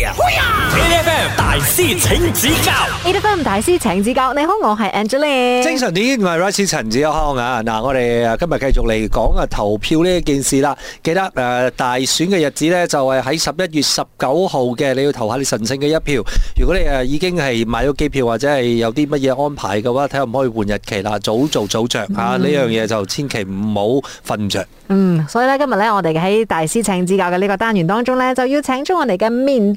呀！A F M 大師請指教，A F M 大師請指教。你好，我係 Angeline。正常經唔係 Royce 陳子康啊。嗱，我哋今日繼續嚟講啊投票呢件事啦。記得誒大選嘅日子呢，就係喺十一月十九號嘅，你要投下你神聖嘅一票。如果你誒已經係買咗機票或者係有啲乜嘢安排嘅話，睇下唔可以換日期啦。早做早着，嗯、啊，呢樣嘢就千祈唔好瞓着。嗯，所以呢，今日呢，我哋喺大師請指教嘅呢個單元當中呢，就要請出我哋嘅面。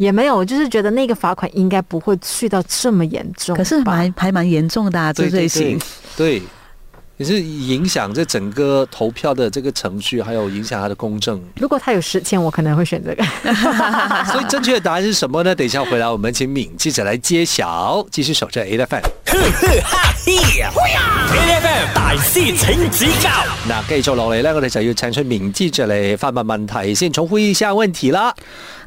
也沒有，我就是覺得那個罰款應該不會去到這麼嚴重，可是蠻還蠻嚴重的啊，這罪行，對，也是影響這整個投票的這個程序，還有影響他的公正。如果他有時間我可能會選，這個 所以正確的答案是什麼呢？等一下回來，我們請敏記者來揭曉。繼續守着 A F M。呵呵 A F M 大師請指教。那繼續落嚟咧，我哋就要請出敏記者嚟發問問題，先重複一下問題啦。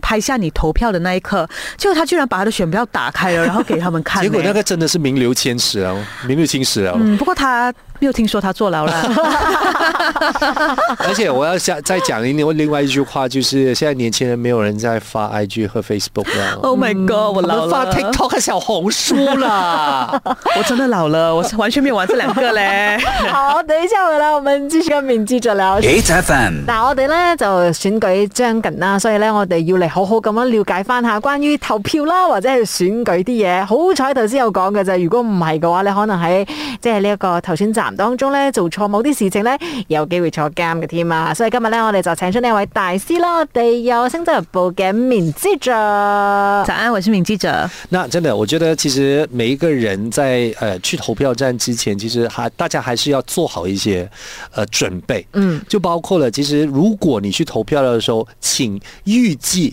拍下你投票的那一刻，結果他居然把他的選票打開了，然後給他們看、欸。結果那個真的是名留青史啊，名留青史啊！嗯，不過他又聽說他坐牢了。 而且我要再再講一另另外一句話，就是現在年輕人沒有人在發 IG 和 Facebook 了。Oh my god！嗯、我老了發 TikTok 和小紅書了， 我真的老了，我完全沒有玩這兩個嘞。 好，等一下回來，我們繼續，跟敏記者聊。HFM，那我哋咧就選舉將近啦，所以咧我哋要嚟。好好咁樣了解翻下關於投票啦，或者係選舉啲嘢。好彩頭先有講嘅就係，如果唔係嘅話，你可能喺即係呢一個投選站當中咧做錯某啲事情咧，有機會坐監嘅添啊！所以今日咧，我哋就請出呢一位大師啦，我哋有《星洲日報》嘅敏記者。早安，我是敏記者。那真的，我覺得其實每一個人在誒、呃、去投票站之前，其實還大家還是要做好一些誒、呃、準備。嗯，就包括了，其實如果你去投票嘅時候，請預計。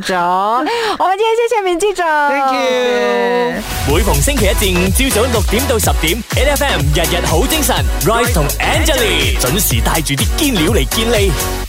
咗，我喺車車上面資助。Thank you。每逢星期一至五朝早六點到十點，N F M 日日好精神。Royce 同 Angeline，準時帶住啲堅料嚟堅利。